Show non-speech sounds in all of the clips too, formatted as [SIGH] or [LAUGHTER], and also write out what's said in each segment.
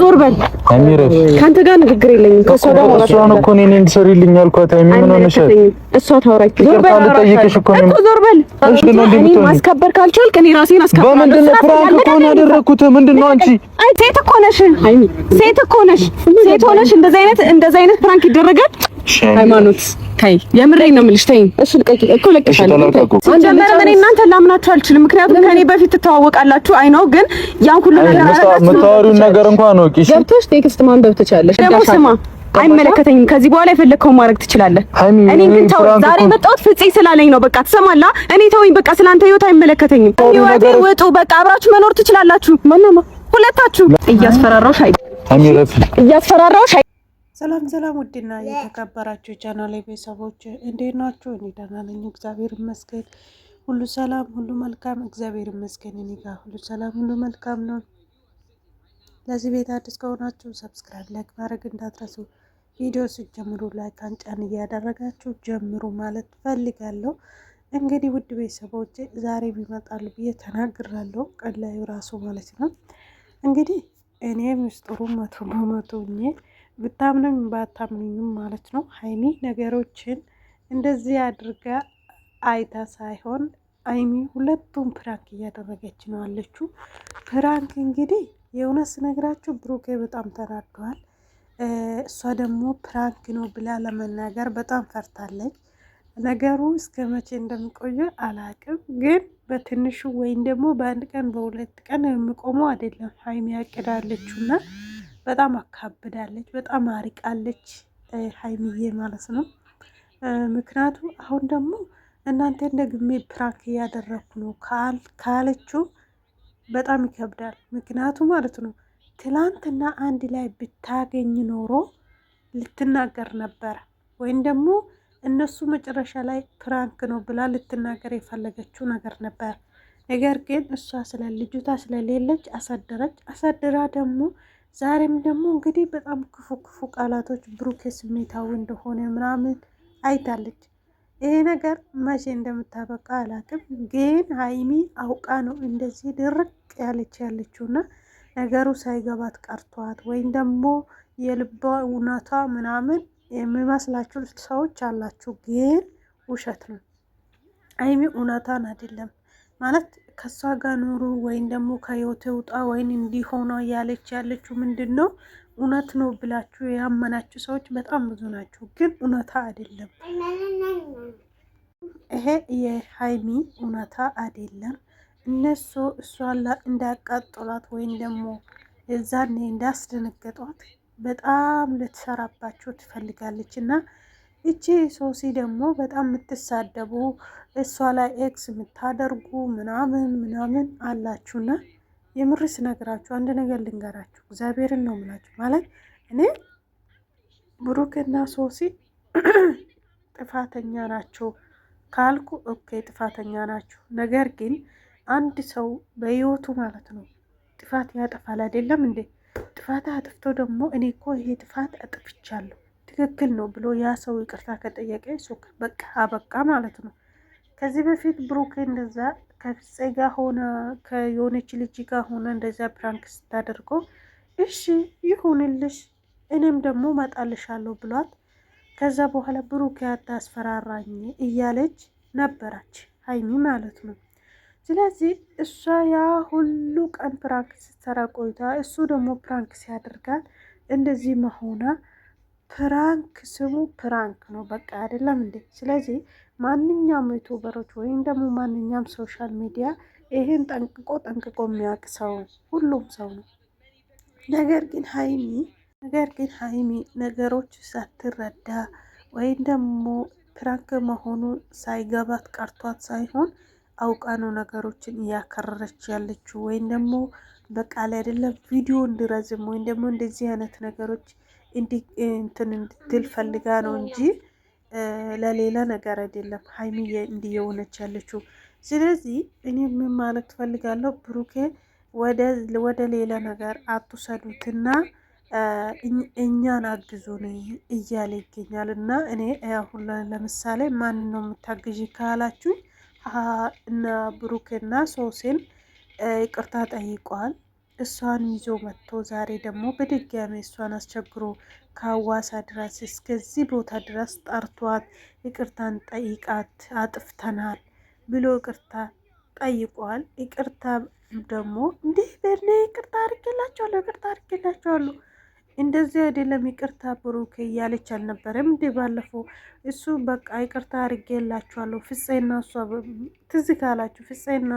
ዞር በል ከአንተ ጋር ንግግር የለኝም። ከእሷ ጋር እሷን እኮ እኔ እኔን አልኳት። ሃይሚ ምን ሆነሻል? እሷ ታውራኝ። ዞር በል እኮ ዞር በል። እኔ ማስከበር ካልቻልክ እኔ ራሴን አስከብራለሁ። በምንድን ነው ፍራንክ እኮ ነው ያደረኩት? ምንድን ነው አንቺ? ሴት እኮ ነሽ፣ ሴት እኮ ነሽ፣ ሴት ሆነሽ እንደዛ አይነት እንደዛ አይነት ፍራንክ ይደረጋል? ሃይማኖት ተይ፣ ነው የምልሽ። እሱ ልቀቂ እኮ ለቀሻለሁ። እኔ እናንተ ላምናችሁ አልችልም፣ ምክንያቱም ከኔ በፊት ትተዋወቃላችሁ። አይ ነው ግን ያን ሁሉ ነገር ነገር እንኳን ነው ቂሽ ገብቶሽ ቴክስት ማንበብ ደግሞ ስማ አይመለከተኝም። ከዚህ በኋላ የፈለግከውን ማድረግ ትችላለህ። እኔ ግን ተው፣ ዛሬ መጣሁት ፍፄ ስላለኝ ነው። በቃ ትሰማላ። እኔ በቃ ህይወት አይመለከተኝም። ህይወቴ ውጡ፣ በቃ አብራችሁ መኖር ትችላላችሁ። ሁለታችሁ እያስፈራራሁሽ አይ እያስፈራራሁሽ ሰላም ሰላም፣ ውድና የተከበራችሁ ቻናል ቤተሰቦች እንዴት ናችሁ? እኔ ደህና ነኝ፣ እግዚአብሔር ይመስገን። ሁሉ ሰላም፣ ሁሉ መልካም፣ እግዚአብሔር ይመስገን። እኔ ጋር ሁሉ ሰላም፣ ሁሉ መልካም ነው። ለዚህ ቤት አዲስ ከሆናችሁ ሰብስክራይብ፣ ላይክ ማድረግ እንዳትረሱ። ቪዲዮ ስጀምሩ ላይክ አንጫን እያደረጋችሁ ጀምሩ ማለት ፈልጋለሁ። እንግዲህ ውድ ቤተሰቦች ዛሬ ቢመጣሉ ብዬ ተናግራለሁ። ቀላዩ ራሱ ማለት ነው እንግዲህ እኔ ምስጢሩ መቶ በመቶ ብታምንም ባታምኑኝም ማለት ነው ሀይሚ ነገሮችን እንደዚህ አድርጋ አይታ ሳይሆን ሀይሚ ሁለቱም ፕራንክ እያደረገች ነው አለችው። ፕራንክ እንግዲህ የእውነት ስነግራችሁ ብሩኬ በጣም ተናዷል። እሷ ደግሞ ፕራንክ ነው ብላ ለመናገር በጣም ፈርታለች። ነገሩ እስከ መቼ እንደሚቆየ አላቅም፣ ግን በትንሹ ወይም ደግሞ በአንድ ቀን በሁለት ቀን የሚቆመው አይደለም ሀይሚ ያቅዳለችውና በጣም አካብዳለች፣ በጣም አሪቃለች ሀይሚዬ ማለት ነው። ምክንያቱ አሁን ደግሞ እናንተ እንደ ግሜ ፕራንክ እያደረግኩ ነው ካለችው በጣም ይከብዳል። ምክንያቱ ማለት ነው ትላንትና አንድ ላይ ብታገኝ ኖሮ ልትናገር ነበረ ወይም ደግሞ እነሱ መጨረሻ ላይ ፕራንክ ነው ብላ ልትናገር የፈለገችው ነገር ነበር። ነገር ግን እሷ ስለ ልጅቷ ስለሌለች አሳደረች። አሳድራ ደግሞ ዛሬም ደግሞ እንግዲህ በጣም ክፉ ክፉ ቃላቶች ብሩኬ ስሜታዊ እንደሆነ ምናምን አይታለች። ይሄ ነገር መቼ እንደምታበቃ አላቅም፣ ግን ሀይሚ አውቃ ነው እንደዚህ ድርቅ ያለች ያለችውና ነገሩ ሳይገባት ቀርቷት ወይም ደግሞ የልቧ እውነቷ ምናምን የሚመስላችሁ ሰዎች አላችሁ፣ ግን ውሸት ነው። ሀይሚ እውነቷን አይደለም ማለት ከእሷ ጋር ኑሩ ወይም ደግሞ ከህይወት ውጣ ወይም እንዲሆነ እያለች ያለችው ምንድን ነው እውነት ነው ብላችሁ ያመናችሁ ሰዎች በጣም ብዙ ናችሁ፣ ግን እውነታ አይደለም። ይሄ የሀይሚ እውነታ አይደለም። እነሱ እሷን እንዳቃጠሏት ወይም ደግሞ እዛኔ እንዳስደነገጧት በጣም ልትሰራባቸው ትፈልጋለች እና እቺ ሶሲ ደግሞ በጣም የምትሳደቡ እሷ ላይ ኤክስ የምታደርጉ ምናምን ምናምን አላችሁና የምርስ ነገራችሁ አንድ ነገር ልንገራችሁ፣ እግዚአብሔርን ነው ምላችሁ ማለት እኔ ብሩክና ሶሲ [CLEARS THROAT] ጥፋተኛ ናቸው ካልኩ ኦኬ ጥፋተኛ ናቸው። ነገር ግን አንድ ሰው በህይወቱ ማለት ነው ጥፋት ያጠፋል አይደለም እንዴ? ጥፋት አጥፍቶ ደግሞ እኔ እኮ ይሄ ጥፋት አጥፍቻለሁ ትክክል ነው ብሎ ያ ሰው ይቅርታ ከጠየቀ በቃ አበቃ ማለት ነው። ከዚህ በፊት ብሩኬ እንደዛ ከፍፄ ጋር ሆነ ከየሆነች ልጅ ጋር ሆነ እንደዛ ፕራንክ ስታደርገው እሺ ይሁንልሽ እኔም ደግሞ መጣልሻለሁ ብሏት ከዛ በኋላ ብሩኬ አታስፈራራኝ እያለች ነበረች ሀይሚ ማለት ነው። ስለዚህ እሷ ያ ሁሉ ቀን ፕራንክ ስትሰራ ቆይታ እሱ ደግሞ ፕራንክ ሲያደርጋል እንደዚህ መሆኗ ፕራንክ ስሙ ፕራንክ ነው በቃ አይደለም እንዴ? ስለዚህ ማንኛውም ዩቱበሮች ወይም ደግሞ ማንኛውም ሶሻል ሚዲያ ይሄን ጠንቅቆ ጠንቅቆ የሚያውቅ ሰው ሁሉም ሰው ነው። ነገር ግን ሀይሚ ነገር ግን ሀይሚ ነገሮች ሳትረዳ ወይም ደግሞ ፕራንክ መሆኑ ሳይገባት ቀርቷት ሳይሆን አውቃ ነው ነገሮችን እያከረረች ያለችው ወይም ደግሞ በቃል አይደለም ቪዲዮ እንዲረዝም ወይም ደግሞ እንደዚህ አይነት ነገሮች እንትን እንድትል ፈልጋ ነው እንጂ ለሌላ ነገር አይደለም ሀይሚዬ እንዲህ የሆነች ያለችው። ስለዚህ እኔ ምን ማለት ትፈልጋለሁ? ብሩኬ ወደ ሌላ ነገር አትውሰዱትና እኛን አግዙን እያለ ይገኛል። እና እኔ አሁን ለምሳሌ ማን ነው የምታግዥ ካላችሁ እና ብሩኬና ሶሴን ይቅርታ ጠይቋል። እሷን ይዞ መጥቶ ዛሬ ደግሞ በድጋሚ እሷን አስቸግሮ ከሀዋሳ ድረስ እስከዚህ ቦታ ድረስ ጠርቷት ይቅርታን ጠይቃት አጥፍተናል ብሎ ይቅርታ ጠይቋል። ይቅርታ ደግሞ እንዲህ በእኔ ይቅርታ አድርጌላቸዋለሁ ይቅርታ አድርጌላቸዋለሁ እንደዚህ አይደለም ይቅርታ ብሩክ እያለች አልነበረም እንዲ ባለፈው እሱ በቃ ይቅርታ አድርጌላቸዋለሁ ፍፄና እሷ ትዝ ካላችሁ ፍፄና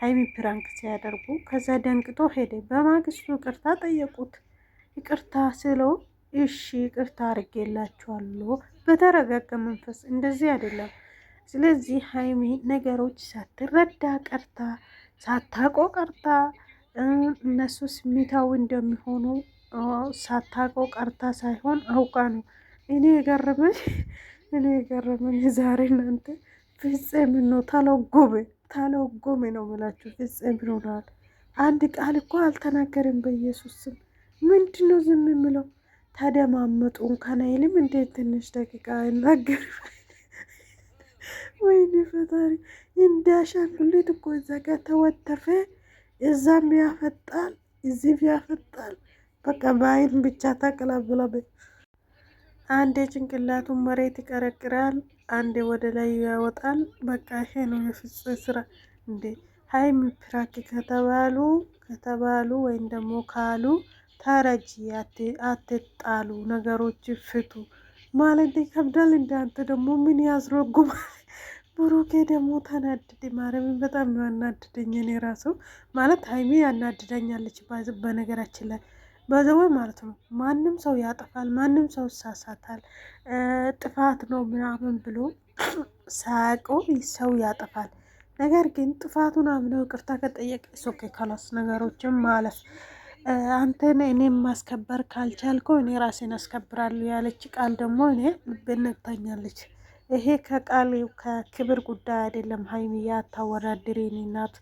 ሀይሚ ፕራንክ ሲያደርጉ ከዛ ደንቅቶ ሄደ። በማግስቱ ይቅርታ ጠየቁት። ይቅርታ ስለው እሺ ይቅርታ አድርጌላችኋለሁ በተረጋጋ መንፈስ። እንደዚህ አይደለም። ስለዚህ ሀይሚ ነገሮች ሳትረዳ ቀርታ ሳታቆ ቀርታ እነሱ ስሜታዊ እንደሚሆኑ ሳታቆ ቀርታ ሳይሆን አውቃ ነው። እኔ የገረመኝ እኔ የገረመኝ ዛሬ እናንተ ፍጽም ነው ተለጎበ ተለጎመ ነው ብላችሁ ፍጽም ብሎናል። አንድ ቃል እኮ አልተናገርም። በኢየሱስ ስም ምንድን ነው ዝም የምለው? ተደማመጡን ከናይልም እንዴት ትንሽ ደቂቃ ይናገር። ወይኔ ፈጣሪ እንደ አሻንጉሊት እኮ እዛ ጋር ተወተፈ። እዛም ያፈጣል፣ እዚህም ያፈጣል። በቃ በአይን ብቻ ተቀላብላ አንዴ ጭንቅላቱን መሬት ይቀረቅራል። አንዴ ወደ ላይ ያወጣል። በቃ ይሄ ነው የፍጹም ስራ እንዴ ሀይሚ ፕራክ ከተባሉ ከተባሉ ወይም ደግሞ ካሉ ተረጂ፣ አትጣሉ፣ ነገሮች ፍቱ ማለት ይከብዳል። እንዳንተ ደግሞ ምን ያስረጉማል? ብሩኬ ደግሞ ተናድድ ማረም በጣም ነው ያናድደኝ። እኔ ራሱ ማለት ሀይሚ ያናድደኛለች በነገራችን ላይ በዘወይ ማለት ነው። ማንም ሰው ያጠፋል፣ ማንም ሰው ይሳሳታል። ጥፋት ነው ምናምን ብሎ ሳያውቀው ሰው ያጠፋል። ነገር ግን ጥፋቱን አምነው ይቅርታ ከጠየቀ ሶኬ ካላስ ነገሮችን ማለፍ አንተን እኔም ማስከበር ካልቻልኩ እኔ ራሴን አስከብራሉ ያለች ቃል ደግሞ እኔ ብነግታኛለች። ይሄ ከቃል ከክብር ጉዳይ አይደለም። ሀይሚያ አታወራድሬ እኔ ናት።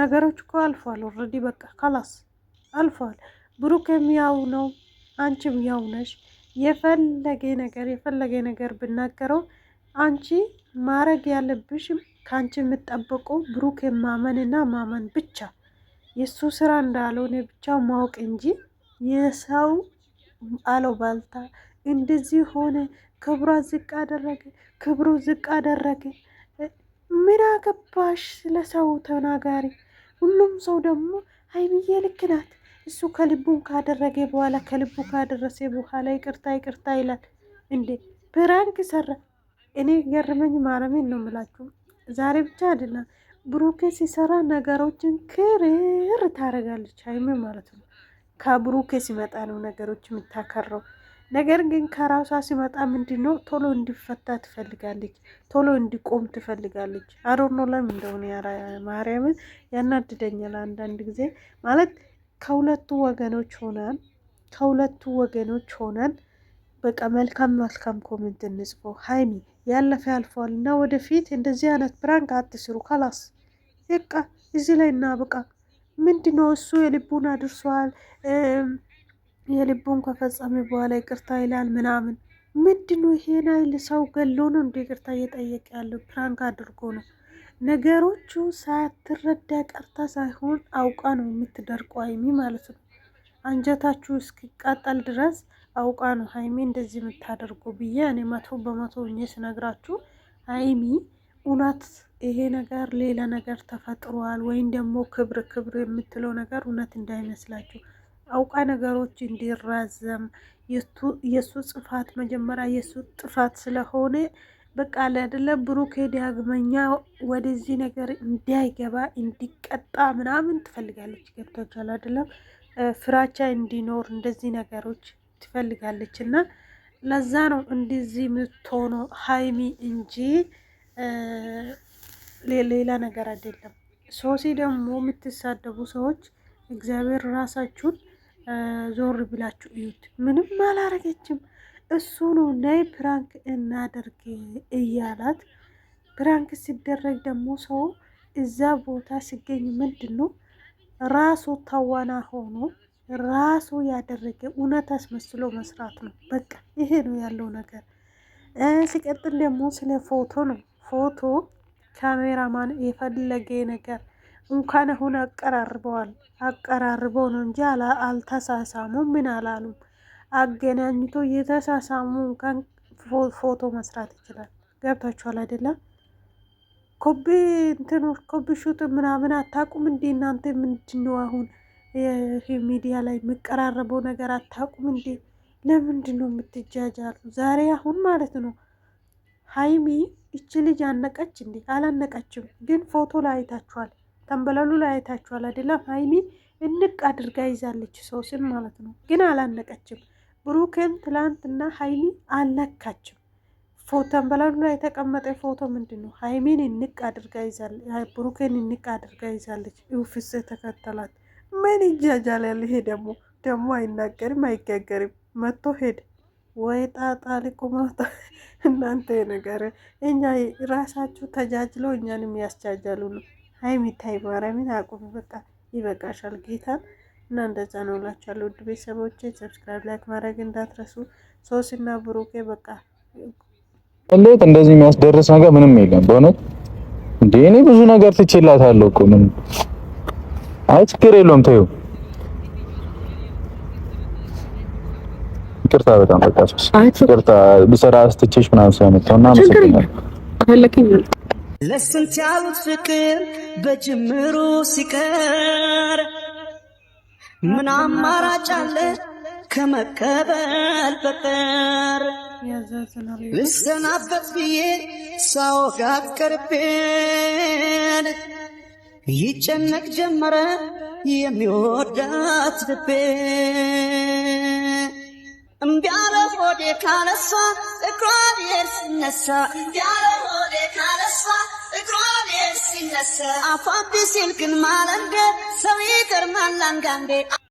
ነገሮች እኮ አልፏል። ኦልሬዲ በቃ ካላስ አልፏል። ብሩክም ያው ነው፣ አንቺም ያው ነሽ። የፈለገ ነገር የፈለገ ነገር ብናገረው አንቺ ማረግ ያለብሽም ከአንቺ የምጠበቀው ብሩክ ማመንና ማመን ብቻ የእሱ ስራ እንዳልሆነ ብቻ ማወቅ እንጂ የሰው አለው ባልታ እንደዚህ ሆነ፣ ክብሯ ዝቅ አደረገ፣ ክብሩ ዝቅ አደረገ። ምን አገባሽ? ስለ ሰው ተናጋሪ ሁሉም ሰው ደግሞ ሀይሚዬ ልክ ናት እሱ ከልቡን ካደረገ በኋላ ከልቡ ካደረሰ በኋላ ይቅርታ ይቅርታ ይላል እንዴ! ፕራንክ ሰራ። እኔ ገርመኝ ማረሜን ነው ምላችሁ። ዛሬ ብቻ አይደለም ብሩኬ ሲሰራ ነገሮችን ክርር ታደርጋለች ሀይሜ ማለት ነው። ከብሩኬ ሲመጣ ነው ነገሮች የምታከረው። ነገር ግን ከራሷ ሲመጣ ምንድን ነው ቶሎ እንዲፈታ ትፈልጋለች፣ ቶሎ እንዲቆም ትፈልጋለች። አሮኖ ለም እንደሆነ ማርያምን ያናድደኛል አንዳንድ ጊዜ ማለት ከሁለቱ ወገኖች ሆነን ከሁለቱ ወገኖች ሆነን በቃ መልካም መልካም ኮሜንት እንጽፎ ሀይሚ ያለፈ ያልፈዋል እና ወደፊት እንደዚህ አይነት ብራንክ አትስሩ። ከላስ በቃ እዚህ ላይ እና በቃ ምንድነው እሱ የልቡን አድርሷል። የልቡን ከፈጸመ በኋላ ይቅርታ ይላል ምናምን ምንድነው? ይሄን አይል ሰው ገሎ ነው እንደ ይቅርታ እየጠየቀ ያለው ፕራንክ አድርጎ ነው። ነገሮቹ ሳትረዳ ቀርታ ሳይሆን አውቃ ነው የምትደርቀው ሀይሚ ማለት ነው። አንጀታችሁ እስኪቃጠል ድረስ አውቃ ነው ሀይሚ እንደዚህ የምታደርገው ብዬ እኔ መቶ በመቶ ሆኜ ስነግራችሁ ሀይሚ እውነት ይሄ ነገር ሌላ ነገር ተፈጥሯል ወይም ደግሞ ክብር ክብር የምትለው ነገር እውነት እንዳይመስላችሁ አውቃ ነገሮች እንዲራዘም የእሱ ጥፋት መጀመሪያ የእሱ ጥፋት ስለሆነ በቃ ለአደለ ብሩክ ዳግመኛ ወደዚህ ነገር እንዳይገባ እንዲቀጣ ምናምን ትፈልጋለች። ገብታችኋል አደለም? ፍራቻ እንዲኖር እንደዚህ ነገሮች ትፈልጋለች እና ለዛ ነው እንደዚህ የምትሆነው ሀይሚ እንጂ ሌላ ነገር አይደለም። ሶሲ ደግሞ የምትሳደቡ ሰዎች እግዚአብሔር ራሳችሁን ዞር ብላችሁ እዩት። ምንም አላረገችም። እሱኑ ነይ ፕራንክ እናደርግ እያላት ፕራንክ ሲደረግ ደግሞ ሰው እዛ ቦታ ሲገኝ ምንድን ነው ራሱ ተዋና ሆኖ ራሱ ያደረገ እውነት አስመስሎ መስራት ነው። በቃ ይሄ ነው ያለው ነገር። ሲቀጥል ደግሞ ስለ ፎቶ ነው። ፎቶ ካሜራማን የፈለገ ነገር እንኳን አሁን አቀራርበዋል። አቀራርበው ነው እንጂ አልተሳሳሙም፣ ምን አላሉም። አገናኝቶ የተሳሳሙ እንኳን ፎቶ መስራት ይችላል። ገብታችኋል አይደለም? ኮቢ እንትን ኮቢ ሹት ምናምን አታቁም እንዴ እናንተ? ምንድነው አሁን አሁን ሚዲያ ላይ የምቀራረበው ነገር አታቁም እንዴ? ለምንድን ነው የምትጃጃሉ? ዛሬ አሁን ማለት ነው ሀይሚ ይቺ ልጅ አነቀች እንዴ? አላነቀችም። ግን ፎቶ ላይ አይታችኋል፣ ተንበለሉ ላይ አይታችኋል አይደለም? ሀይሚ እንቅ አድርጋ ይዛለች ሰው ስን ማለት ነው። ግን አላነቀችም። ብሩክን ትላንትና ሀይሚ አልነካችም። በላሉ ላይ የተቀመጠ ፎቶ ምንድን ነው? ሀይሚን እንቅ አድርጋ ይዛለች፣ ብሩክን እንቅ አድርጋ ይዛለች። ውፍስ ተከተላት። ምን ይጃጃል? ያለ ይሄ ደግሞ ደግሞ አይናገርም፣ አይጋገርም። መቶ ሄድ ወይ ጣጣ ሊቁማታ እናንተ ነገር እኛ ራሳችሁ ተጃጅለው እኛንም ያስጃጃሉ ነው። ሀይሚ ታይ ማርያምን አቁም። በቃ ይበቃሻል ጌታን እና እንደዛ ነው እላችኋለሁ ውድ ቤተሰቦቼ። ሰብስክራይብ ላይክ ማድረግ እንዳትረሱ። ሶስና ብሩኬ በቃ እንዴት እንደዚህ የሚያስደርስ ነገር ምንም የለም በእውነት እንዴ። እኔ ብዙ ነገር ትችላታለሁ እኮ ምን አይ ችግር የለውም ተዩ። ይቅርታ በጣም በቃ ይቅርታ ብሰራ ስትችሽ ምናምን ስለመጣውና መሰለኝ ለስንት ያሉት ፍቅር በጅምሩ ሲቀር ምን አማራጭ አለ ከመቀበል በቀር? ልሰናበት ብዬ ሳወጋት ቀርቤን ይጨነቅ ጀመረ የሚወዳት ልቤ እምቢ አለ ሆዴ ካለሷ እግሯ ብሄር ስነሳ እምቢ አለ ሆዴ ካለሷ እግሯ ሲነሳ አፏ ሲልክን ማለንገ ሰው ይቅር